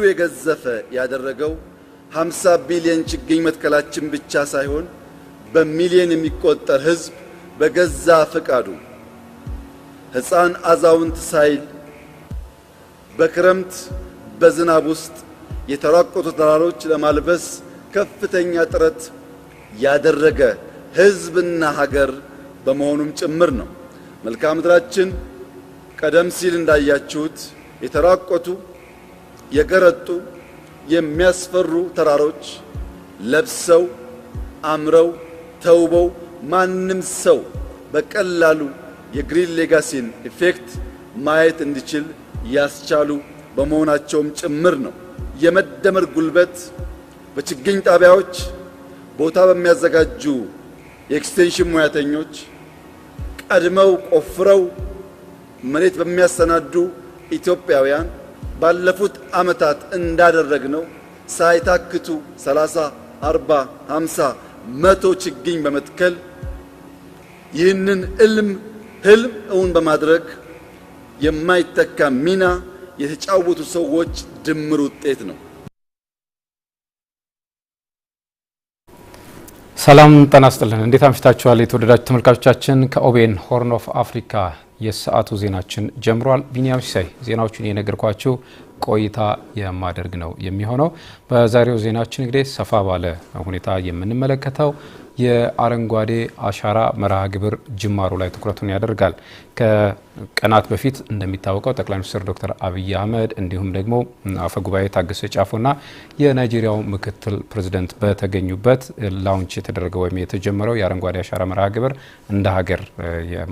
ሁሉ የገዘፈ ያደረገው 50 ቢሊዮን ችግኝ መትከላችን ብቻ ሳይሆን በሚሊዮን የሚቆጠር ሕዝብ በገዛ ፈቃዱ ሕፃን አዛውንት ሳይል በክረምት በዝናብ ውስጥ የተራቆቱ ተራሮች ለማልበስ ከፍተኛ ጥረት ያደረገ ሕዝብና ሀገር በመሆኑም ጭምር ነው። መልክዓ ምድራችን ቀደም ሲል እንዳያችሁት የተራቆቱ የገረጡ የሚያስፈሩ ተራሮች ለብሰው አምረው ተውበው ማንም ሰው በቀላሉ የግሪን ሌጋሲን ኢፌክት ማየት እንዲችል ያስቻሉ በመሆናቸውም ጭምር ነው። የመደመር ጉልበት በችግኝ ጣቢያዎች ቦታ በሚያዘጋጁ የኤክስቴንሽን ሙያተኞች ቀድመው ቆፍረው መሬት በሚያሰናዱ ኢትዮጵያውያን ባለፉት ዓመታት ነው ሳይታክቱ 30፣ 40፣ 50፣ መቶ ችግኝ በመትከል ይህንን እልም ህልም እውን በማድረግ የማይተካ ሚና የተጫወቱ ሰዎች ድምር ውጤት ነው። ሰላም ጠና ይስጥልን። እንዴት አምሽታችኋል? የተወደዳችሁ ተመልካቾቻችን ከኦቤን ሆርን ኦፍ አፍሪካ የሰዓቱ ዜናችን ጀምሯል። ቢኒያም ሲሳይ ዜናዎቹን የነገርኳችሁ ቆይታ የማደርግ ነው የሚሆነው። በዛሬው ዜናችን እንግዲህ ሰፋ ባለ ሁኔታ የምንመለከተው የአረንጓዴ አሻራ መርሃ ግብር ጅማሩ ላይ ትኩረቱን ያደርጋል። ከቀናት በፊት እንደሚታወቀው ጠቅላይ ሚኒስትር ዶክተር አብይ አህመድ እንዲሁም ደግሞ አፈ ጉባኤ ታገሰ ጫፎና የናይጄሪያው ምክትል ፕሬዚደንት በተገኙበት ላውንች የተደረገ ወይም የተጀመረው የአረንጓዴ አሻራ መርሃ ግብር እንደ ሀገር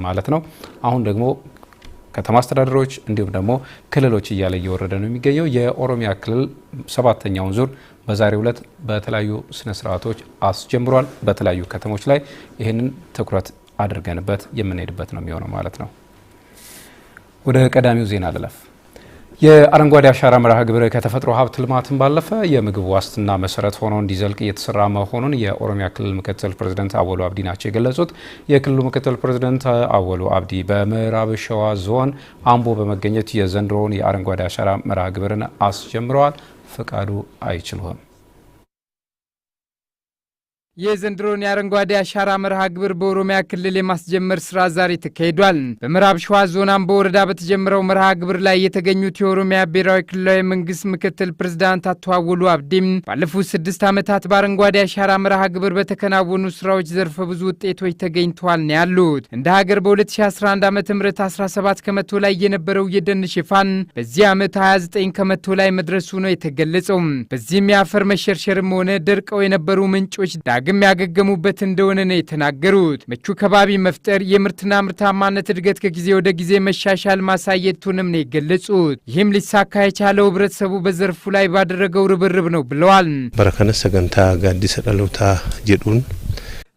ማለት ነው አሁን ደግሞ ከተማ አስተዳደሮች እንዲሁም ደግሞ ክልሎች እያለ እየወረደ ነው የሚገኘው። የኦሮሚያ ክልል ሰባተኛውን ዙር በዛሬው ዕለት በተለያዩ ስነ ስርዓቶች አስጀምሯል። በተለያዩ ከተሞች ላይ ይህንን ትኩረት አድርገንበት የምንሄድበት ነው የሚሆነው ማለት ነው። ወደ ቀዳሚው ዜና ልለፍ። የአረንጓዴ አሻራ መርሃ ግብር ከተፈጥሮ ሀብት ልማትን ባለፈ የምግብ ዋስትና መሰረት ሆኖ እንዲዘልቅ እየተሰራ መሆኑን የኦሮሚያ ክልል ምክትል ፕሬዚደንት አወሉ አብዲ ናቸው የገለጹት። የክልሉ ምክትል ፕሬዚደንት አወሉ አብዲ በምዕራብ ሸዋ ዞን አምቦ በመገኘት የዘንድሮውን የአረንጓዴ አሻራ መርሃ ግብርን አስጀምረዋል። ፍቃዱ አይችልም። የዘንድሮን የአረንጓዴ አሻራ መርሃ ግብር በኦሮሚያ ክልል የማስጀመር ስራ ዛሬ ተካሂዷል። በምዕራብ ሸዋ ዞን አምቦ ወረዳ በተጀመረው መርሃ ግብር ላይ የተገኙት የኦሮሚያ ብሔራዊ ክልላዊ መንግስት ምክትል ፕሬዝዳንት አተዋወሉ አብዲም ባለፉት ስድስት ዓመታት በአረንጓዴ አሻራ መርሃ ግብር በተከናወኑ ስራዎች ዘርፈ ብዙ ውጤቶች ተገኝተዋል ነው ያሉት። እንደ ሀገር በ2011 ዓ ም 17 ከመቶ ላይ የነበረው የደን ሽፋን በዚህ ዓመት 29 ከመቶ ላይ መድረሱ ነው የተገለጸው። በዚህም የአፈር መሸርሸርም ሆነ ደርቀው የነበሩ ምንጮች ዳ ዳግም ያገገሙበት እንደሆነ ነው የተናገሩት። ምቹ ከባቢ መፍጠር የምርትና ምርታማነት እድገት ከጊዜ ወደ ጊዜ መሻሻል ማሳየቱንም ነው የገለጹት። ይህም ሊሳካ የቻለው ህብረተሰቡ በዘርፉ ላይ ባደረገው ርብርብ ነው ብለዋል። በረከነ ሰገንታ ጋዲሰ ጠለውታ ጀዱን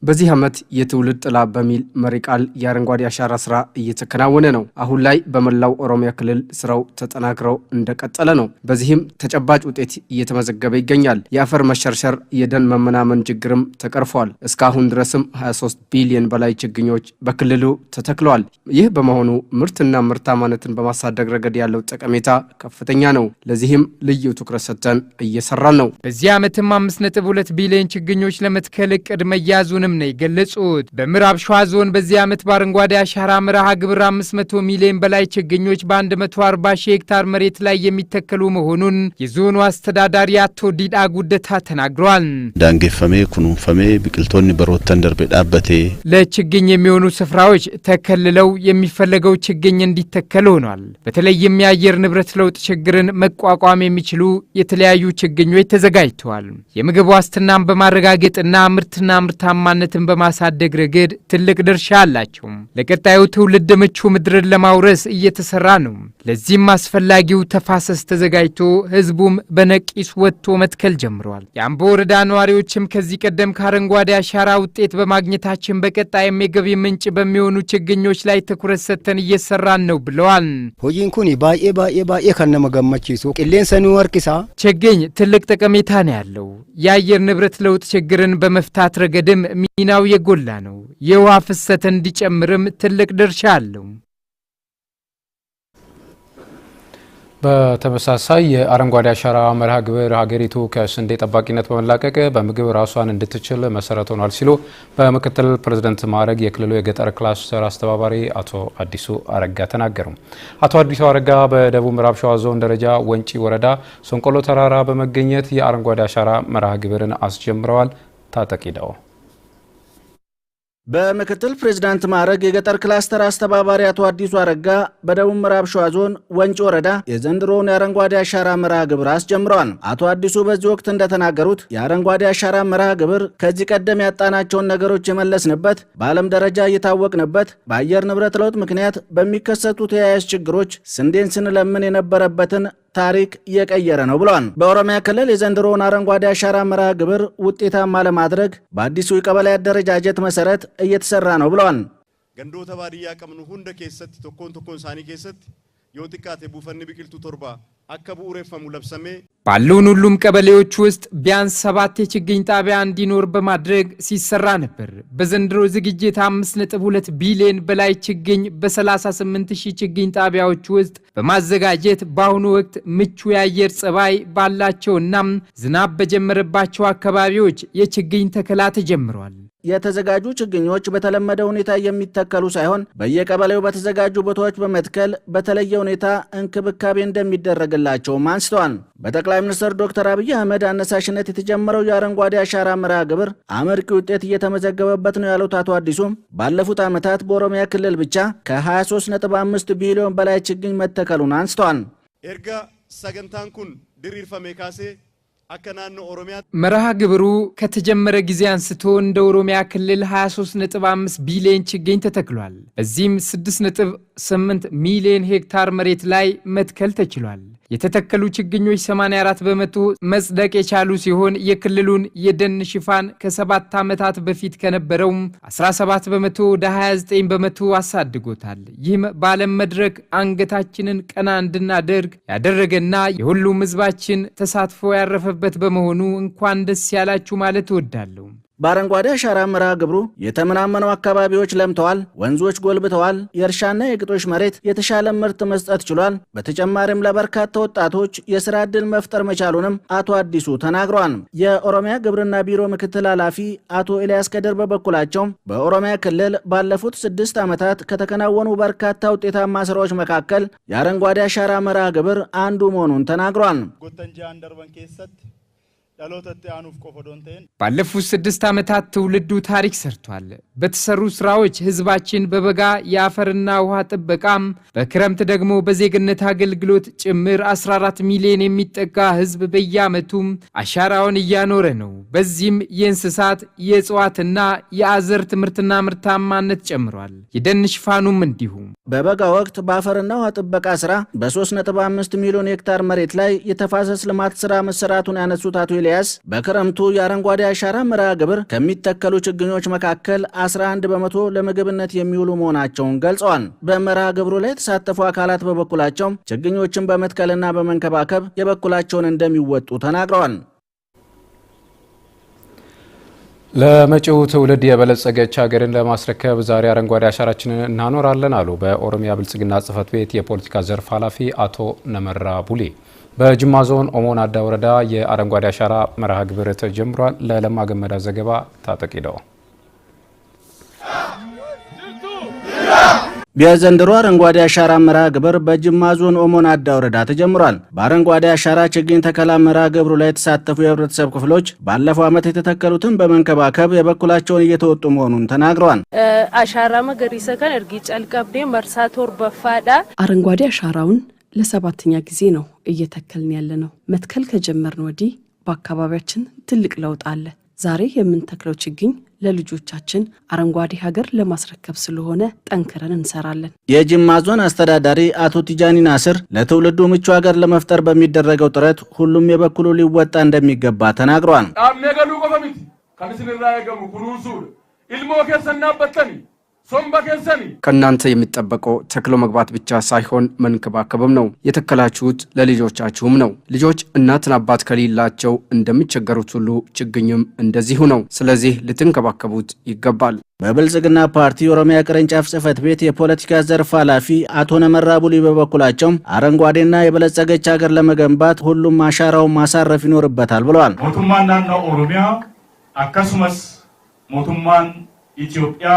በዚህ ዓመት የትውልድ ጥላ በሚል መሪ ቃል የአረንጓዴ አሻራ ስራ እየተከናወነ ነው። አሁን ላይ በመላው ኦሮሚያ ክልል ስራው ተጠናክረው እንደቀጠለ ነው። በዚህም ተጨባጭ ውጤት እየተመዘገበ ይገኛል። የአፈር መሸርሸር፣ የደን መመናመን ችግርም ተቀርፏል። እስካሁን ድረስም 23 ቢሊዮን በላይ ችግኞች በክልሉ ተተክለዋል። ይህ በመሆኑ ምርትና ምርታማነትን በማሳደግ ረገድ ያለው ጠቀሜታ ከፍተኛ ነው። ለዚህም ልዩ ትኩረት ሰጥተን እየሰራን ነው። በዚህ ዓመትም 5.2 ቢሊዮን ችግኞች ለመትከል እቅድ መያዙን መሆኑንም ነው የገለጹት። በምዕራብ ሸዋ ዞን በዚህ ዓመት በአረንጓዴ አሻራ መርሃ ግብር 500 ሚሊዮን በላይ ችግኞች በ140 ሺህ ሄክታር መሬት ላይ የሚተከሉ መሆኑን የዞኑ አስተዳዳሪ አቶ ዲዳ ጉደታ ተናግረዋል። ዳንጌፈሜ ኩኑንፈሜ ብቅልቶኒ በሮተን ደርቤ ዳበቴ ለችግኝ የሚሆኑ ስፍራዎች ተከልለው የሚፈለገው ችግኝ እንዲተከል ሆኗል። በተለይም የአየር ንብረት ለውጥ ችግርን መቋቋም የሚችሉ የተለያዩ ችግኞች ተዘጋጅተዋል። የምግብ ዋስትናን በማረጋገጥና ምርትና ምርታማ ምርታማነትን በማሳደግ ረገድ ትልቅ ድርሻ አላቸው። ለቀጣዩ ትውልድ ምቹ ምድርን ለማውረስ እየተሰራ ነው። ለዚህም አስፈላጊው ተፋሰስ ተዘጋጅቶ ህዝቡም በነቂስ ወጥቶ መትከል ጀምሯል። የአምቦ ወረዳ ነዋሪዎችም ከዚህ ቀደም ከአረንጓዴ አሻራ ውጤት በማግኘታችን በቀጣይም የገቢ ምንጭ በሚሆኑ ችግኞች ላይ ትኩረት ሰጥተን እየሰራን ነው ብለዋል። ሆጂን ኩኒ ባኤ ባኤ ባኤ ከነመ ቅሌንሰኒ ወርኪሳ ችግኝ ትልቅ ጠቀሜታ ነው ያለው የአየር ንብረት ለውጥ ችግርን በመፍታት ረገድም ሚናው የጎላ ነው። የውሃ ፍሰት እንዲጨምርም ትልቅ ድርሻ አለው። በተመሳሳይ የአረንጓዴ አሻራ መርሃ ግብር ሀገሪቱ ከስንዴ ጠባቂነት በመላቀቅ በምግብ ራሷን እንድትችል መሰረት ሆኗል ሲሉ በምክትል ፕሬዚደንት ማዕረግ የክልሉ የገጠር ክላስተር አስተባባሪ አቶ አዲሱ አረጋ ተናገሩ። አቶ አዲሱ አረጋ በደቡብ ምዕራብ ሸዋ ዞን ደረጃ ወንጪ ወረዳ ሶንቆሎ ተራራ በመገኘት የአረንጓዴ አሻራ መርሃ ግብርን አስጀምረዋል። ደው በምክትል ፕሬዚዳንት ማዕረግ የገጠር ክላስተር አስተባባሪ አቶ አዲሱ አረጋ በደቡብ ምዕራብ ሸዋ ዞን ወንጭ ወረዳ የዘንድሮውን የአረንጓዴ አሻራ መርሃ ግብር አስጀምረዋል። አቶ አዲሱ በዚህ ወቅት እንደተናገሩት የአረንጓዴ አሻራ መርሃ ግብር ከዚህ ቀደም ያጣናቸውን ነገሮች የመለስንበት፣ በዓለም ደረጃ እየታወቅንበት፣ በአየር ንብረት ለውጥ ምክንያት በሚከሰቱ ተያያዥ ችግሮች ስንዴን ስንለምን የነበረበትን ታሪክ የቀየረ ነው ብሏል። በኦሮሚያ ክልል የዘንድሮውን አረንጓዴ አሻራ መርሃ ግብር ውጤታማ ለማድረግ በአዲሱ የቀበሌ አደረጃጀት መሰረት እየተሰራ ነው ብለዋል። ገንዶተ ባድያ ቀምኑ ሁንደ ኬሰት ቶኮን ቶኮን ሳኒ ኬሰት ባለውን ሁሉም ቀበሌዎች ውስጥ ቢያንስ ሰባት የችግኝ ጣቢያ እንዲኖር በማድረግ ሲሰራ ነበር። በዘንድሮ ዝግጅት 5.2 ቢሊዮን በላይ ችግኝ በ38 ሺህ ችግኝ ጣቢያዎች ውስጥ በማዘጋጀት በአሁኑ ወቅት ምቹ የአየር ጸባይ ባላቸውና ዝናብ በጀመረባቸው አካባቢዎች የችግኝ ተከላ ተጀምሯል። የተዘጋጁ ችግኞች በተለመደ ሁኔታ የሚተከሉ ሳይሆን በየቀበሌው በተዘጋጁ ቦታዎች በመትከል በተለየ ሁኔታ እንክብካቤ እንደሚደረግላቸውም አንስተዋል። በጠቅላይ ሚኒስትር ዶክተር አብይ አህመድ አነሳሽነት የተጀመረው የአረንጓዴ አሻራ መርሃ ግብር አመርቂ ውጤት እየተመዘገበበት ነው ያሉት አቶ አዲሱም ባለፉት ዓመታት በኦሮሚያ ክልል ብቻ ከ23.5 ቢሊዮን በላይ ችግኝ መተከሉን አንስተዋል። ኤርጋ ሰገንታንኩን ድሪርፈሜካሴ መርሃ ግብሩ ከተጀመረ ጊዜ አንስቶ እንደ ኦሮሚያ ክልል 23.5 ቢሊዮን ችግኝ ተተክሏል። በዚህም 6.8 ሚሊዮን ሄክታር መሬት ላይ መትከል ተችሏል። የተተከሉ ችግኞች 84 በመቶ መጽደቅ የቻሉ ሲሆን የክልሉን የደን ሽፋን ከሰባት ዓመታት በፊት ከነበረውም 17 በመቶ ወደ 29 በመቶ አሳድጎታል። ይህም በዓለም መድረክ አንገታችንን ቀና እንድናደርግ ያደረገና የሁሉም ሕዝባችን ተሳትፎ ያረፈበት በመሆኑ እንኳን ደስ ያላችሁ ማለት እወዳለሁ። በአረንጓዴ አሻራ መርሃ ግብሩ የተመናመኑ አካባቢዎች ለምተዋል፣ ወንዞች ጎልብተዋል፣ የእርሻና የግጦሽ መሬት የተሻለ ምርት መስጠት ችሏል። በተጨማሪም ለበርካታ ወጣቶች የስራ ዕድል መፍጠር መቻሉንም አቶ አዲሱ ተናግረዋል። የኦሮሚያ ግብርና ቢሮ ምክትል ኃላፊ አቶ ኤልያስ ከድር በበኩላቸው በኦሮሚያ ክልል ባለፉት ስድስት ዓመታት ከተከናወኑ በርካታ ውጤታማ ስራዎች መካከል የአረንጓዴ አሻራ መርሃ ግብር አንዱ መሆኑን ተናግሯል። ባለፉት ስድስት ዓመታት ትውልዱ ታሪክ ሰርቷል። በተሰሩ ስራዎች ህዝባችን በበጋ የአፈርና ውሃ ጥበቃም በክረምት ደግሞ በዜግነት አገልግሎት ጭምር 14 ሚሊዮን የሚጠጋ ህዝብ በየዓመቱም አሻራውን እያኖረ ነው። በዚህም የእንስሳት የእጽዋትና የአዘርት ምርትና ምርታማነት ጨምሯል። የደን ሽፋኑም እንዲሁም በበጋ ወቅት በአፈርና ውሃ ጥበቃ ስራ በ3.5 ሚሊዮን ሄክታር መሬት ላይ የተፋሰስ ልማት ስራ መሰራቱን ያነሱት አቶ ኤልያስ በክረምቱ የአረንጓዴ አሻራ መርሃ ግብር ከሚተከሉ ችግኞች መካከል 11 በመቶ ለምግብነት የሚውሉ መሆናቸውን ገልጸዋል። በመርሃ ግብሩ ላይ የተሳተፉ አካላት በበኩላቸው ችግኞችን በመትከልና በመንከባከብ የበኩላቸውን እንደሚወጡ ተናግረዋል። ለመጪው ትውልድ የበለጸገች ሀገርን ለማስረከብ ዛሬ አረንጓዴ አሻራችንን እናኖራለን አሉ በኦሮሚያ ብልጽግና ጽህፈት ቤት የፖለቲካ ዘርፍ ኃላፊ አቶ ነመራ ቡሌ። በጅማ ዞን ኦሞን አዳ ወረዳ የአረንጓዴ አሻራ መርሃ ግብር ተጀምሯል። ለለማ ገመዳ ዘገባ ታጠቂ ነው። የዘንድሮ አረንጓዴ አሻራ መርሃ ግብር በጅማ ዞን ኦሞን አዳ ወረዳ ተጀምሯል። በአረንጓዴ አሻራ ችግኝ ተከላ መርሃ ግብሩ ላይ የተሳተፉ የህብረተሰብ ክፍሎች ባለፈው ዓመት የተተከሉትን በመንከባከብ የበኩላቸውን እየተወጡ መሆኑን ተናግረዋል። አሻራ መገሪሰ እርጊ ጨልቀብዴ መርሳቶር በፋዳ አረንጓዴ አሻራውን ለሰባተኛ ጊዜ ነው እየተከልን ያለ ነው። መትከል ከጀመርን ወዲህ በአካባቢያችን ትልቅ ለውጥ አለ። ዛሬ የምንተክለው ችግኝ ለልጆቻችን አረንጓዴ ሀገር ለማስረከብ ስለሆነ ጠንክረን እንሰራለን። የጅማ ዞን አስተዳዳሪ አቶ ቲጃኒ ናስር ለትውልዱ ምቹ ሀገር ለመፍጠር በሚደረገው ጥረት ሁሉም የበኩሉ ሊወጣ እንደሚገባ ተናግሯል። ዳሜ ገሉ ቆፈሚት ከንስንራ የገሙ ኩኑንሱር ኢልሞ ኬሰናበተን ከእናንተ የሚጠበቀው ተክሎ መግባት ብቻ ሳይሆን መንከባከብም ነው። የተከላችሁት ለልጆቻችሁም ነው። ልጆች እናትን አባት ከሌላቸው እንደሚቸገሩት ሁሉ ችግኝም እንደዚሁ ነው። ስለዚህ ልትንከባከቡት ይገባል። በብልጽግና ፓርቲ ኦሮሚያ ቅርንጫፍ ጽህፈት ቤት የፖለቲካ ዘርፍ ኃላፊ አቶ ነመራ ቡሊ በበኩላቸው አረንጓዴና የበለጸገች ሀገር ለመገንባት ሁሉም አሻራውን ማሳረፍ ይኖርበታል ብለዋል። ሞቱማ ናና ኦሮሚያ አካሱመስ ሞቱማን ኢትዮጵያ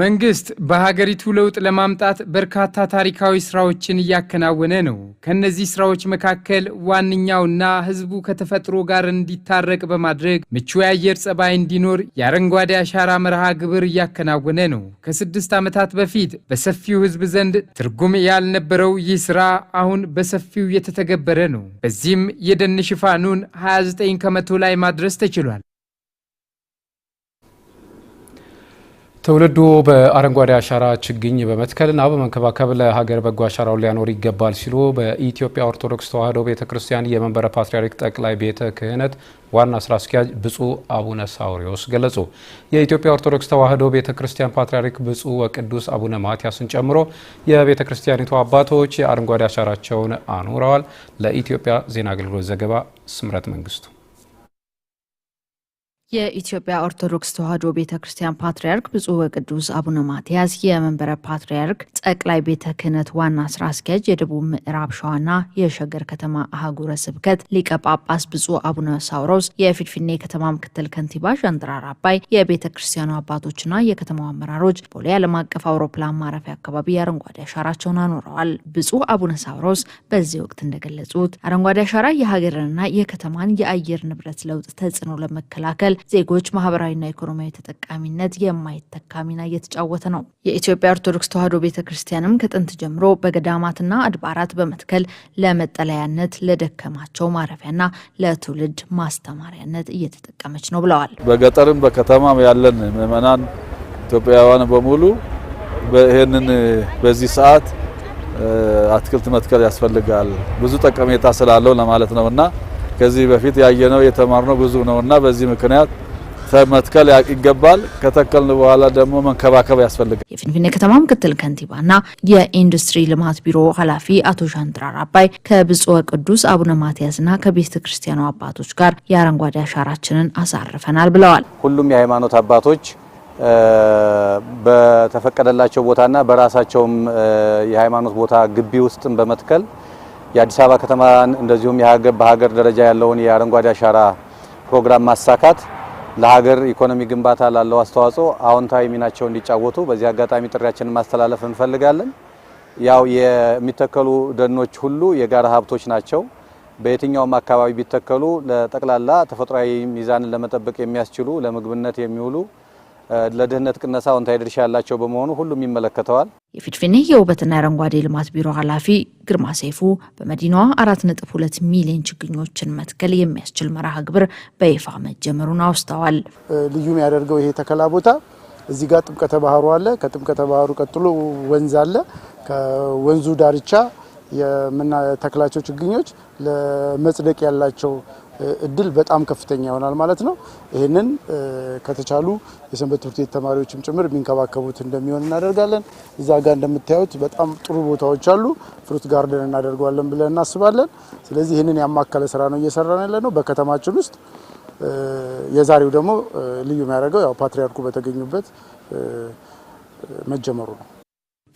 መንግስት በሀገሪቱ ለውጥ ለማምጣት በርካታ ታሪካዊ ስራዎችን እያከናወነ ነው። ከእነዚህ ስራዎች መካከል ዋነኛውና ህዝቡ ከተፈጥሮ ጋር እንዲታረቅ በማድረግ ምቹ የአየር ጸባይ እንዲኖር የአረንጓዴ አሻራ መርሃ ግብር እያከናወነ ነው። ከስድስት ዓመታት በፊት በሰፊው ህዝብ ዘንድ ትርጉም ያልነበረው ይህ ስራ አሁን በሰፊው የተተገበረ ነው። በዚህም የደን ሽፋኑን 29 ከመቶ ላይ ማድረስ ተችሏል። ትውልዱ በአረንጓዴ አሻራ ችግኝ በመትከልና በመንከባከብ ለሀገር በጎ አሻራውን ሊያኖር ይገባል ሲሉ በኢትዮጵያ ኦርቶዶክስ ተዋሕዶ ቤተ ክርስቲያን የመንበረ ፓትርያርክ ጠቅላይ ቤተ ክህነት ዋና ስራ አስኪያጅ ብፁዕ አቡነ ሳውሪዎስ ገለጹ። የኢትዮጵያ ኦርቶዶክስ ተዋሕዶ ቤተ ክርስቲያን ፓትርያርክ ብፁዕ ወቅዱስ አቡነ ማትያስን ጨምሮ የቤተ ክርስቲያኒቱ አባቶች የአረንጓዴ አሻራቸውን አኑረዋል። ለኢትዮጵያ ዜና አገልግሎት ዘገባ ስምረት መንግስቱ የኢትዮጵያ ኦርቶዶክስ ተዋሕዶ ቤተ ክርስቲያን ፓትርያርክ ብፁዕ ወቅዱስ አቡነ ማትያስ የመንበረ ፓትርያርክ ጠቅላይ ቤተ ክህነት ዋና ስራ አስኪያጅ የደቡብ ምዕራብ ሸዋና የሸገር ከተማ አህጉረ ስብከት ሊቀ ጳጳስ ብፁዕ አቡነ ሳውሮስ የፊንፊኔ ከተማ ምክትል ከንቲባ ዣንጥራር አባይ የቤተ ክርስቲያኑ አባቶችና የከተማው አመራሮች ቦሌ ዓለም አቀፍ አውሮፕላን ማረፊያ አካባቢ አረንጓዴ አሻራቸውን አኖረዋል። ብፁዕ አቡነ ሳውሮስ በዚህ ወቅት እንደገለጹት አረንጓዴ አሻራ የሀገርንና የከተማን የአየር ንብረት ለውጥ ተጽዕኖ ለመከላከል ዜጎች ማህበራዊና ኢኮኖሚያዊ ተጠቃሚነት የማይተካ ሚና እየተጫወተ ነው። የኢትዮጵያ ኦርቶዶክስ ተዋሕዶ ቤተ ክርስቲያንም ከጥንት ጀምሮ በገዳማትና አድባራት በመትከል ለመጠለያነት፣ ለደከማቸው ማረፊያና ለትውልድ ማስተማሪያነት እየተጠቀመች ነው ብለዋል። በገጠርም በከተማም ያለን ምእመናን ኢትዮጵያውያን በሙሉ ይህንን በዚህ ሰዓት አትክልት መትከል ያስፈልጋል ብዙ ጠቀሜታ ስላለው ለማለት ነውና ከዚህ በፊት ያየነው የተማርነው ብዙ ነውና በዚህ ምክንያት መትከል ይገባል። ከተከልን በኋላ ደግሞ መንከባከብ ያስፈልጋል። የፊንፊኔ ከተማ ምክትል ከንቲባና የኢንዱስትሪ ልማት ቢሮ ኃላፊ አቶ ዣንጥራር አባይ ከብፁዕ ቅዱስ አቡነ ማትያስና ከቤተ ክርስቲያኑ አባቶች ጋር የአረንጓዴ አሻራችንን አሳርፈናል ብለዋል። ሁሉም የሃይማኖት አባቶች በተፈቀደላቸው ቦታና በራሳቸውም የሃይማኖት ቦታ ግቢ ውስጥም በመትከል የአዲስ አበባ ከተማ እንደዚሁም በሀገር ደረጃ ያለውን የአረንጓዴ አሻራ ፕሮግራም ማሳካት ለሀገር ኢኮኖሚ ግንባታ ላለው አስተዋጽኦ አዎንታዊ ሚናቸው እንዲጫወቱ በዚህ አጋጣሚ ጥሪያችንን ማስተላለፍ እንፈልጋለን። ያው የሚተከሉ ደኖች ሁሉ የጋራ ሀብቶች ናቸው። በየትኛውም አካባቢ ቢተከሉ ለጠቅላላ ተፈጥሯዊ ሚዛንን ለመጠበቅ የሚያስችሉ ለምግብነት የሚውሉ ለድህነት ቅነሳ አዎንታዊ ድርሻ ያላቸው በመሆኑ ሁሉም ይመለከተዋል። የፊንፊኔ የውበትና የአረንጓዴ ልማት ቢሮ ኃላፊ ግርማ ሰይፉ በመዲናዋ 4.2 ሚሊዮን ችግኞችን መትከል የሚያስችል መርሃ ግብር በይፋ መጀመሩን አውስተዋል። ልዩ የሚያደርገው ይሄ ተከላ ቦታ እዚህ ጋር ጥምቀተ ባህሩ አለ። ከጥምቀተ ባህሩ ቀጥሎ ወንዝ አለ። ከወንዙ ዳርቻ የምናተክላቸው ችግኞች ለመጽደቅ ያላቸው እድል በጣም ከፍተኛ ይሆናል ማለት ነው። ይህንን ከተቻሉ የሰንበት ትምህርት ቤት ተማሪዎችም ጭምር የሚንከባከቡት እንደሚሆን እናደርጋለን። እዛ ጋር እንደምታዩት በጣም ጥሩ ቦታዎች አሉ። ፍሩት ጋርደን እናደርገዋለን ብለን እናስባለን። ስለዚህ ይህንን ያማከለ ስራ ነው እየሰራን ያለ ነው በከተማችን ውስጥ። የዛሬው ደግሞ ልዩ የሚያደርገው ያው ፓትሪያርኩ በተገኙበት መጀመሩ ነው።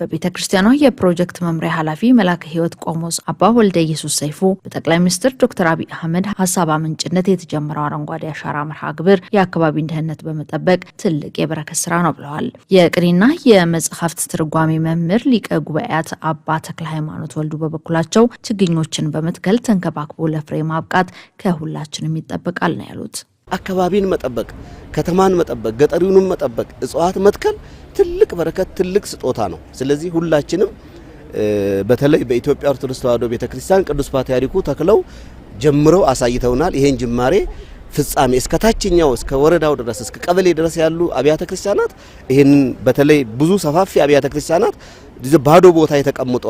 በቤተ ክርስቲያኗ የፕሮጀክት መምሪያ ኃላፊ መላከ ሕይወት ቆሞስ አባ ወልደ ኢየሱስ ሰይፉ በጠቅላይ ሚኒስትር ዶክተር አብይ አህመድ ሀሳብ አመንጭነት የተጀመረው አረንጓዴ አሻራ መርሃ ግብር የአካባቢን ደህንነት በመጠበቅ ትልቅ የበረከት ስራ ነው ብለዋል። የቅኔና የመጽሐፍት ትርጓሜ መምህር ሊቀ ጉባኤያት አባ ተክለ ሃይማኖት ወልዱ በበኩላቸው ችግኞችን በመትከል ተንከባክቦ ለፍሬ ማብቃት ከሁላችንም ይጠበቃል ነው ያሉት። አካባቢን መጠበቅ፣ ከተማን መጠበቅ፣ ገጠሪውንም መጠበቅ፣ እጽዋት መትከል ትልቅ በረከት፣ ትልቅ ስጦታ ነው። ስለዚህ ሁላችንም በተለይ በኢትዮጵያ ኦርቶዶክስ ተዋሕዶ ቤተክርስቲያን ቅዱስ ፓትርያርኩ ተክለው ጀምረው አሳይተውናል። ይሄን ጅማሬ ፍጻሜ እስከ ታችኛው እስከ ወረዳው ድረስ እስከ ቀበሌ ድረስ ያሉ አብያተ ክርስቲያናት ይህን በተለይ ብዙ ሰፋፊ አብያተ ክርስቲያናት ባዶ ቦታ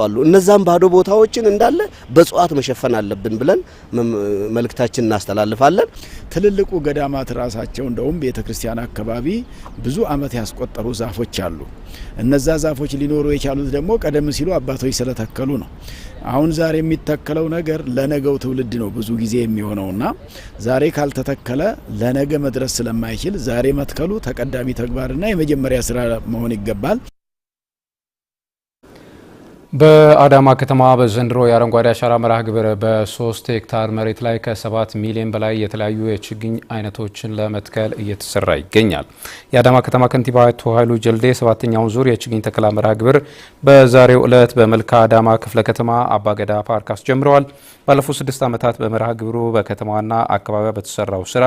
አሉ። እነዛም ባዶ ቦታዎችን እንዳለ በእጽዋት መሸፈን አለብን ብለን መልእክታችን እናስተላልፋለን። ትልልቁ ገዳማት ራሳቸው እንደውም ቤተ ክርስቲያን አካባቢ ብዙ ዓመት ያስቆጠሩ ዛፎች አሉ። እነዛ ዛፎች ሊኖሩ የቻሉት ደግሞ ቀደም ሲሉ አባቶች ስለተከሉ ነው። አሁን ዛሬ የሚተከለው ነገር ለነገው ትውልድ ነው ብዙ ጊዜ የሚሆነውና ዛሬ ካልተተከለ ለነገ መድረስ ስለማይችል ዛሬ መትከሉ ተቀዳሚ ተግባርና የመጀመሪያ ስራ መሆን ይገባል። በአዳማ ከተማ በዘንድሮ የአረንጓዴ አሻራ መርሃ ግብር በሶስት ሄክታር መሬት ላይ ከሰባት ሚሊዮን በላይ የተለያዩ የችግኝ አይነቶችን ለመትከል እየተሰራ ይገኛል። የአዳማ ከተማ ከንቲባ አቶ ኃይሉ ጀልዴ ሰባተኛውን ዙር የችግኝ ተከላ መርሃ ግብር በዛሬው ዕለት በመልካ አዳማ ክፍለ ከተማ አባገዳ ፓርክ አስጀምረዋል። ባለፉት ስድስት ዓመታት በመርሃ ግብሩ በከተማዋና አካባቢዋ በተሰራው ስራ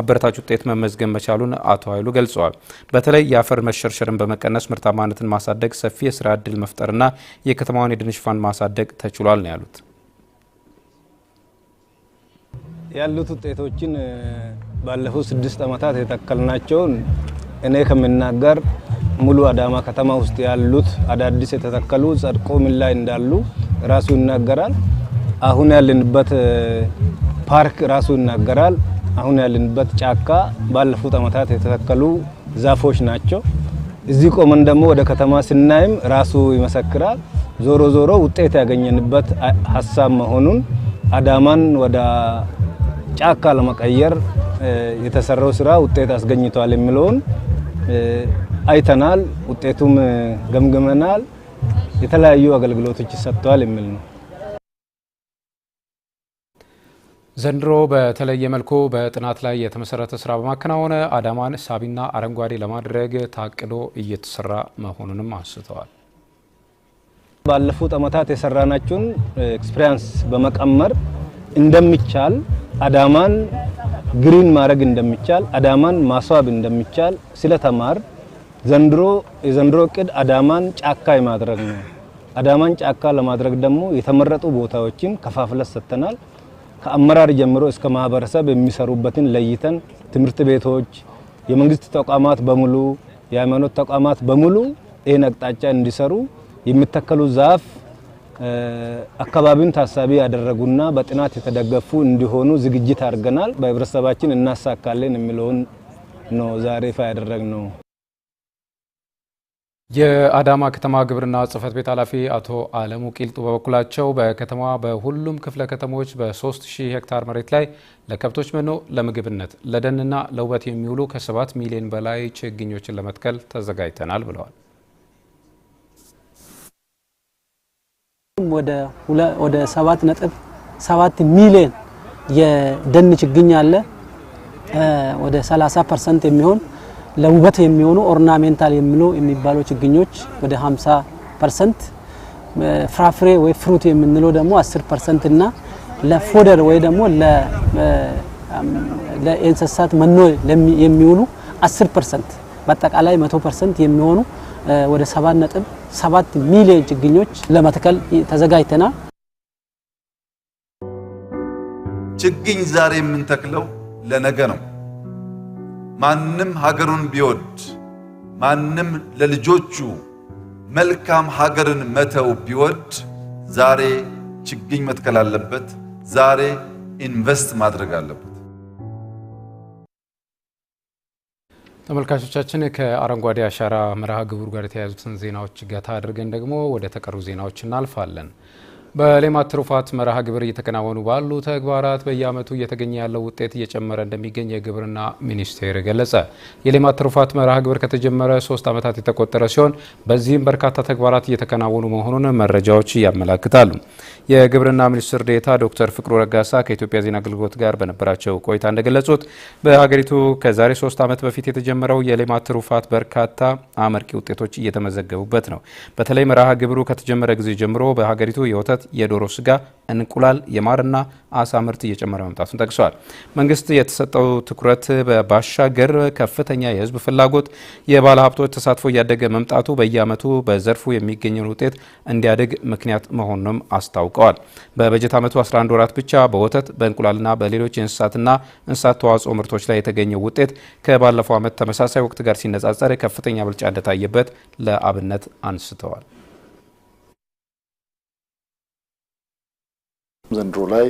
አበረታች ውጤት መመዝገብ መቻሉን አቶ ኃይሉ ገልጸዋል። በተለይ የአፈር መሸርሸርን በመቀነስ ምርታማነትን ማሳደግ፣ ሰፊ የስራ እድል መፍጠርና የከተማዋን የደን ሽፋን ማሳደግ ተችሏል ነው ያሉት። ያሉት ውጤቶችን ባለፉት ስድስት ዓመታት የተከልናቸውን እኔ ከምናገር ሙሉ አዳማ ከተማ ውስጥ ያሉት አዳዲስ የተተከሉ ጸድቆ ምን ላይ እንዳሉ ራሱ ይናገራል። አሁን ያለንበት ፓርክ ራሱ ይናገራል። አሁን ያለንበት ጫካ ባለፉት ዓመታት የተተከሉ ዛፎች ናቸው። እዚህ ቆመን ደግሞ ወደ ከተማ ስናይም ራሱ ይመሰክራል። ዞሮ ዞሮ ውጤት ያገኘንበት ሀሳብ መሆኑን አዳማን ወደ ጫካ ለመቀየር የተሰራው ስራ ውጤት አስገኝቷል የሚለውን አይተናል። ውጤቱም ገምግመናል። የተለያዩ አገልግሎቶች ይሰጥተዋል የሚል ነው። ዘንድሮ በተለየ መልኩ በጥናት ላይ የተመሰረተ ስራ በማከናወን አዳማን ሳቢና አረንጓዴ ለማድረግ ታቅዶ እየተሰራ መሆኑንም አንስተዋል። ባለፉት ዓመታት የሰራናቸውን ኤክስፔሪያንስ በመቀመር እንደሚቻል አዳማን ግሪን ማድረግ እንደሚቻል አዳማን ማስዋብ እንደሚቻል ስለተማር ዘንድሮ የዘንድሮ እቅድ አዳማን ጫካ የማድረግ ነው። አዳማን ጫካ ለማድረግ ደግሞ የተመረጡ ቦታዎችን ከፋፍለት ሰጥተናል። ከአመራር ጀምሮ እስከ ማህበረሰብ የሚሰሩበትን ለይተን ትምህርት ቤቶች፣ የመንግስት ተቋማት በሙሉ፣ የሃይማኖት ተቋማት በሙሉ ይህን አቅጣጫ እንዲሰሩ የሚተከሉ ዛፍ አካባቢውን ታሳቢ ያደረጉና በጥናት የተደገፉ እንዲሆኑ ዝግጅት አድርገናል። በህብረተሰባችን እናሳካለን የሚለውን ነው ዛሬ ይፋ ያደረግነው። የአዳማ ከተማ ግብርና ጽህፈት ቤት ኃላፊ አቶ አለሙ ቂልጡ በበኩላቸው በከተማዋ በሁሉም ክፍለ ከተሞች በ3000 ሄክታር መሬት ላይ ለከብቶች መኖ፣ ለምግብነት፣ ለደንና ለውበት የሚውሉ ከ7 ሚሊዮን በላይ ችግኞችን ለመትከል ተዘጋጅተናል ብለዋል። ወደ 7.7 ሚሊዮን የደን ችግኝ አለ። ወደ 30% የሚሆን ለውበት የሚሆኑ ኦርናሜንታል የሚሉ የሚባሉ ችግኞች ወደ 50% ፍራፍሬ ወይ ፍሩት የምንለው ደግሞ 10% እና ለፎደር ወይ ደግሞ ለእንስሳት መኖ የሚውሉ 10% በአጠቃላይ 100% የሚሆኑ ወደ 7 ነጥብ ሰባት ሚሊዮን ችግኞች ለመትከል ተዘጋጅተናል። ችግኝ ዛሬ የምንተክለው ለነገ ነው። ማንም ሀገሩን ቢወድ ማንም ለልጆቹ መልካም ሀገርን መተው ቢወድ ዛሬ ችግኝ መትከል አለበት። ዛሬ ኢንቨስት ማድረግ አለበት። ተመልካቾቻችን ከአረንጓዴ አሻራ መርሃ ግብሩ ጋር የተያያዙትን ዜናዎች ገታ አድርገን ደግሞ ወደ ተቀሩ ዜናዎች እናልፋለን። በሌማት ትሩፋት መርሃ ግብር እየተከናወኑ ባሉ ተግባራት በየዓመቱ እየተገኘ ያለው ውጤት እየጨመረ እንደሚገኝ የግብርና ሚኒስቴር ገለጸ። የሌማት ትሩፋት መርሃ ግብር ከተጀመረ ሶስት ዓመታት የተቆጠረ ሲሆን በዚህም በርካታ ተግባራት እየተከናወኑ መሆኑን መረጃዎች ያመላክታሉ። የግብርና ሚኒስትር ዴታ ዶክተር ፍቅሩ ረጋሳ ከኢትዮጵያ ዜና አገልግሎት ጋር በነበራቸው ቆይታ እንደገለጹት በሀገሪቱ ከዛሬ ሶስት ዓመት በፊት የተጀመረው የሌማት ትሩፋት በርካታ አመርቂ ውጤቶች እየተመዘገቡበት ነው። በተለይ መርሃ ግብሩ ከተጀመረ ጊዜ ጀምሮ በሀገሪቱ የወተት መሰረት የዶሮ ስጋ፣ እንቁላል፣ የማርና አሳ ምርት እየጨመረ መምጣቱን ጠቅሰዋል። መንግስት የተሰጠው ትኩረት ባሻገር ከፍተኛ የህዝብ ፍላጎት፣ የባለ ሀብቶች ተሳትፎ እያደገ መምጣቱ በየአመቱ በዘርፉ የሚገኘውን ውጤት እንዲያደግ ምክንያት መሆኑንም አስታውቀዋል። በበጀት አመቱ 11 ወራት ብቻ በወተት በእንቁላልና በሌሎች የእንስሳትና እንስሳት ተዋጽኦ ምርቶች ላይ የተገኘው ውጤት ከባለፈው አመት ተመሳሳይ ወቅት ጋር ሲነጻጸር ከፍተኛ ብልጫ እንደታየበት ለአብነት አንስተዋል። ዘንድሮ ላይ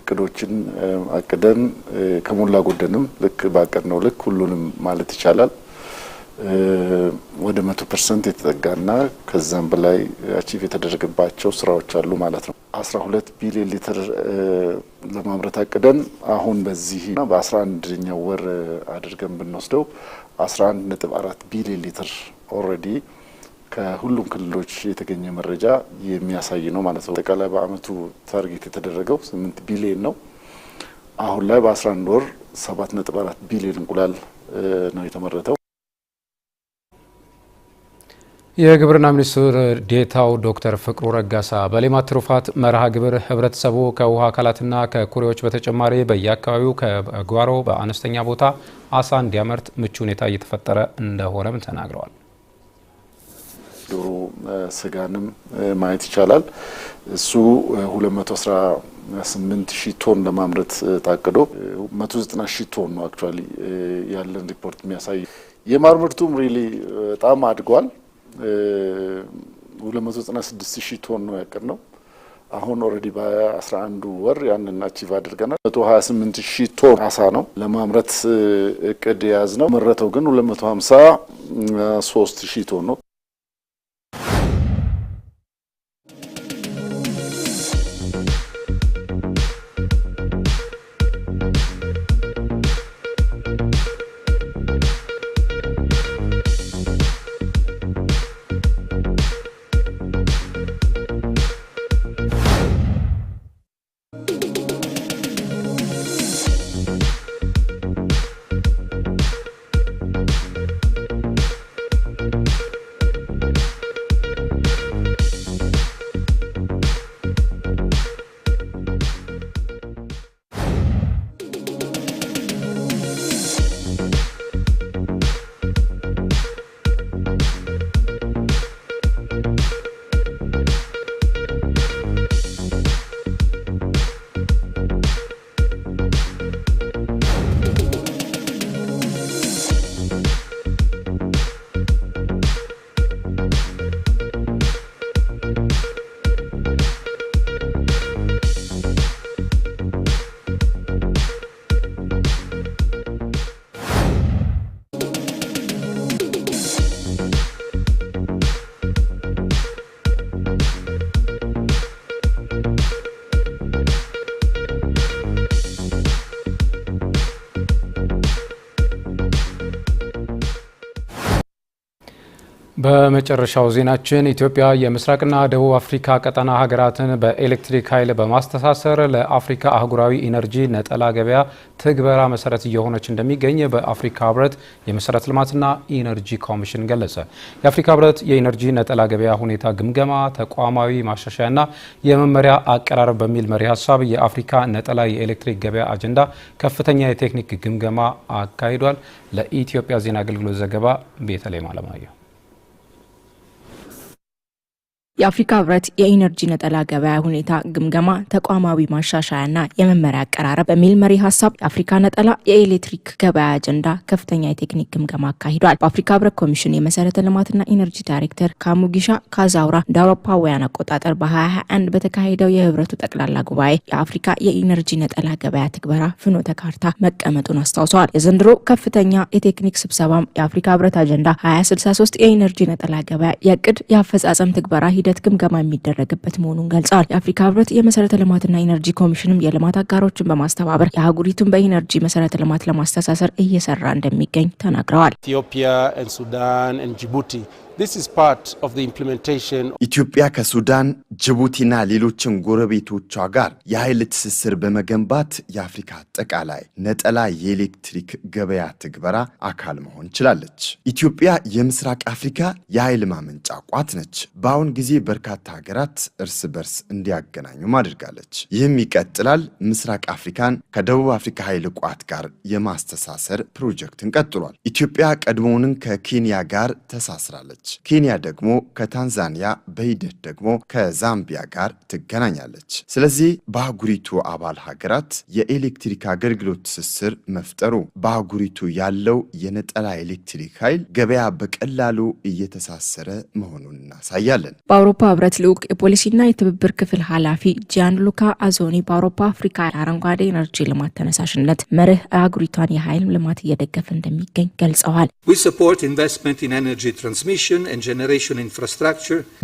እቅዶችን አቅደን ከሞላ ጎደንም ልክ ባቀድነው ልክ ሁሉንም ማለት ይቻላል ወደ መቶ ፐርሰንት የተጠጋና ከዛም በላይ አቺቭ የተደረገባቸው ስራዎች አሉ ማለት ነው። አስራ ሁለት ቢሊዮን ሊትር ለማምረት አቅደን አሁን በዚህ በአስራ አንደኛው ወር አድርገን ብንወስደው አስራ አንድ ነጥብ አራት ቢሊዮን ሊትር ኦልሬዲ ከሁሉም ክልሎች የተገኘ መረጃ የሚያሳይ ነው ማለት ነው። አጠቃላይ በአመቱ ታርጌት የተደረገው ስምንት ቢሊዮን ነው። አሁን ላይ በአስራ አንድ ወር ሰባት ነጥብ አራት ቢሊዮን እንቁላል ነው የተመረተው። የግብርና ሚኒስትር ዴታው ዶክተር ፍቅሩ ረጋሳ በሌማት ትሩፋት መርሃ ግብር ህብረተሰቡ ከውሃ አካላትና ከኩሬዎች በተጨማሪ በየአካባቢው ከጓሮ በአነስተኛ ቦታ አሳ እንዲያመርት ምቹ ሁኔታ እየተፈጠረ እንደሆነም ተናግረዋል። ዶሮ ስጋንም ማየት ይቻላል። እሱ 218 ሺህ ቶን ለማምረት ታቅዶ 190 ሺህ ቶን ነው አክቹዋሊ ያለን ሪፖርት የሚያሳይ። የማር ምርቱም ሪሊ በጣም አድጓል። 296 ሺህ ቶን ነው ያቅድ ነው። አሁን ኦልሬዲ በ11 ወር ያንን አቺቭ አድርገናል። 128 ቶን አሳ ነው ለማምረት እቅድ የያዝ ነው። መረተው ግን 253 ሺህ ቶን ነው። በመጨረሻው ዜናችን ኢትዮጵያ የምስራቅና ደቡብ አፍሪካ ቀጠና ሀገራትን በኤሌክትሪክ ኃይል በማስተሳሰር ለአፍሪካ አህጉራዊ ኢነርጂ ነጠላ ገበያ ትግበራ መሰረት እየሆነች እንደሚገኝ በአፍሪካ ህብረት የመሰረተ ልማትና ኢነርጂ ኮሚሽን ገለጸ። የአፍሪካ ህብረት የኢነርጂ ነጠላ ገበያ ሁኔታ ግምገማ፣ ተቋማዊ ማሻሻያና የመመሪያ አቀራረብ በሚል መሪ ሀሳብ የአፍሪካ ነጠላ የኤሌክትሪክ ገበያ አጀንዳ ከፍተኛ የቴክኒክ ግምገማ አካሂዷል። ለኢትዮጵያ ዜና አገልግሎት ዘገባ ቤተለይ ማለማየሁ የአፍሪካ ህብረት የኢነርጂ ነጠላ ገበያ ሁኔታ ግምገማ ተቋማዊ ማሻሻያና የመመሪያ አቀራረብ በሚል መሪ ሀሳብ የአፍሪካ ነጠላ የኤሌክትሪክ ገበያ አጀንዳ ከፍተኛ የቴክኒክ ግምገማ አካሂዷል። በአፍሪካ ህብረት ኮሚሽን የመሰረተ ልማትና ኢነርጂ ዳይሬክተር ካሙጊሻ ካዛውራ እንደ አውሮፓውያን አቆጣጠር በ2021 በተካሄደው የህብረቱ ጠቅላላ ጉባኤ የአፍሪካ የኢነርጂ ነጠላ ገበያ ትግበራ ፍኖተ ካርታ መቀመጡን አስታውሰዋል። የዘንድሮ ከፍተኛ የቴክኒክ ስብሰባም የአፍሪካ ህብረት አጀንዳ 2063 የኢነርጂ ነጠላ ገበያ የእቅድ የአፈጻጸም ትግበራ ሂደት ግምገማ የሚደረግበት መሆኑን ገልጸዋል። የአፍሪካ ህብረት የመሰረተ ልማትና ኢነርጂ ኮሚሽንም የልማት አጋሮችን በማስተባበር የአህጉሪቱን በኢነርጂ መሰረተ ልማት ለማስተሳሰር እየሰራ እንደሚገኝ ተናግረዋል። ኢትዮጵያ ሱዳን ጅቡቲ ኢትዮጵያ ከሱዳን ጅቡቲና ሌሎችን ጎረቤቶቿ ጋር የኃይል ትስስር በመገንባት የአፍሪካ አጠቃላይ ነጠላ የኤሌክትሪክ ገበያ ትግበራ አካል መሆን ችላለች። ኢትዮጵያ የምስራቅ አፍሪካ የኃይል ማመንጫ ቋት ነች። በአሁን ጊዜ በርካታ ሀገራት እርስ በርስ እንዲያገናኙም አድርጋለች። ይህም ይቀጥላል። ምስራቅ አፍሪካን ከደቡብ አፍሪካ ኃይል ቋት ጋር የማስተሳሰር ፕሮጀክትን ቀጥሏል። ኢትዮጵያ ቀድሞውንም ከኬንያ ጋር ተሳስራለች። ትገኛለች። ኬንያ ደግሞ ከታንዛኒያ በሂደት ደግሞ ከዛምቢያ ጋር ትገናኛለች። ስለዚህ በአህጉሪቱ አባል ሀገራት የኤሌክትሪክ አገልግሎት ትስስር መፍጠሩ በአህጉሪቱ ያለው የነጠላ ኤሌክትሪክ ኃይል ገበያ በቀላሉ እየተሳሰረ መሆኑን እናሳያለን። በአውሮፓ ህብረት ልዑክ የፖሊሲና የትብብር ክፍል ኃላፊ ሉካ አዞኒ በአውሮፓ አፍሪካ የአረንጓዴ ኤነርጂ ልማት ተነሳሽነት መርህ አህጉሪቷን የኃይል ልማት እየደገፈ እንደሚገኝ ገልጸዋል።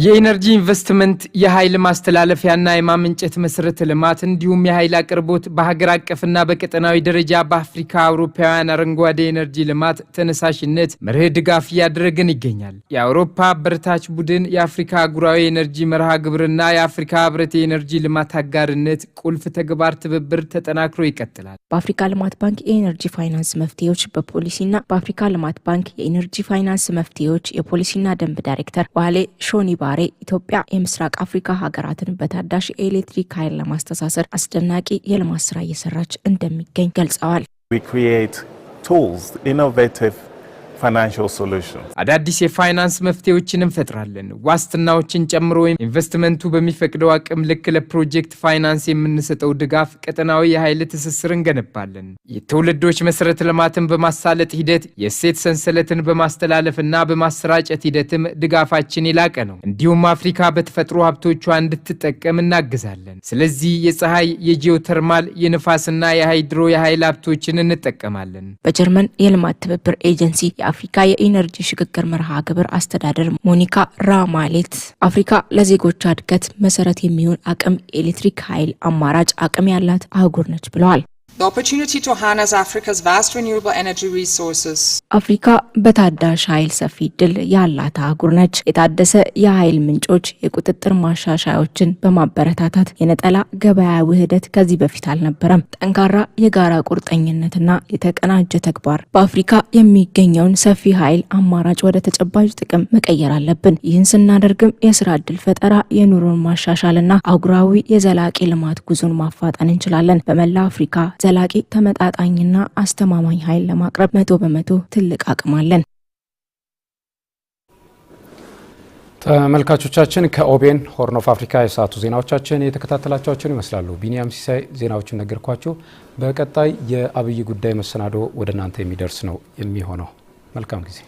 የኢነርጂ ኢንቨስትመንት፣ የኃይል ማስተላለፊያና የማመንጨት መሰረተ ልማት እንዲሁም የኃይል አቅርቦት በሀገር አቀፍና በቀጠናዊ ደረጃ በአፍሪካ አውሮፓውያን አረንጓዴ ኤነርጂ ልማት ተነሳሽነት መርህ ድጋፍ እያደረገን ይገኛል። የአውሮፓ አበረታች ቡድን የአፍሪካ አህጉራዊ ኤነርጂ መርሃ ግብርና የአፍሪካ ህብረት የኤነርጂ ልማት አጋርነት ቁልፍ ተግባር ትብብር ተጠናክሮ ይቀጥላል። በአፍሪካ ልማት ባንክ የኤነርጂ ፋይናንስ መፍትሄዎች በፖሊሲና በአፍሪካ ልማት ባንክ የኤነርጂ ፋይናንስ መፍትሄዎች የፖሊሲ ግብሮችና ደንብ ዳይሬክተር ዋሌ ሾኒ ባሬ ኢትዮጵያ የምስራቅ አፍሪካ ሀገራትን በታዳሽ የኤሌክትሪክ ኃይል ለማስተሳሰር አስደናቂ የልማት ስራ እየሰራች እንደሚገኝ ገልጸዋል። ፋይናንሻል ሶሉሽን አዳዲስ የፋይናንስ መፍትሄዎችን እንፈጥራለን። ዋስትናዎችን ጨምሮ ኢንቨስትመንቱ በሚፈቅደው አቅም ልክ ለፕሮጀክት ፋይናንስ የምንሰጠው ድጋፍ፣ ቀጠናዊ የኃይል ትስስር እንገነባለን። የትውልዶች መሰረተ ልማትን በማሳለጥ ሂደት የእሴት ሰንሰለትን በማስተላለፍና በማሰራጨት ሂደትም ድጋፋችን የላቀ ነው። እንዲሁም አፍሪካ በተፈጥሮ ሀብቶቿ እንድትጠቀም እናግዛለን። ስለዚህ የፀሐይ፣ የጂኦተርማል፣ የንፋስና የሃይድሮ የኃይል ሀብቶችን እንጠቀማለን። በጀርመን የልማት ትብብር ኤጀንሲ የአፍሪካ የኢነርጂ ሽግግር መርሃ ግብር አስተዳደር ሞኒካ ራማሌት አፍሪካ ለዜጎቿ እድገት መሰረት የሚሆን አቅም የኤሌክትሪክ ኃይል አማራጭ አቅም ያላት አህጉር ነች ብለዋል። አፍሪካ በታዳሽ ኃይል ሰፊ እድል ያላት አህጉር ነች። የታደሰ የኃይል ምንጮች የቁጥጥር ማሻሻያዎችን በማበረታታት የነጠላ ገበያ ውህደት ከዚህ በፊት አልነበረም። ጠንካራ የጋራ ቁርጠኝነትና የተቀናጀ ተግባር በአፍሪካ የሚገኘውን ሰፊ ኃይል አማራጭ ወደ ተጨባጭ ጥቅም መቀየር አለብን። ይህን ስናደርግም የስራ እድል ፈጠራ፣ የኑሮን ማሻሻልና አህጉራዊ የዘላቂ ልማት ጉዞን ማፋጠን እንችላለን። በመላ አፍሪካ ዘላቂ ተመጣጣኝና አስተማማኝ ኃይል ለማቅረብ መቶ በመቶ ትልቅ አቅም አለን። ተመልካቾቻችን ከኦቤን ሆርን ኦፍ አፍሪካ የሰዓቱ ዜናዎቻችን የተከታተላቸውን ይመስላሉ። ቢኒያም ሲሳይ ዜናዎችን ነገርኳችሁ። በቀጣይ የአብይ ጉዳይ መሰናዶ ወደ እናንተ የሚደርስ ነው የሚሆነው። መልካም ጊዜ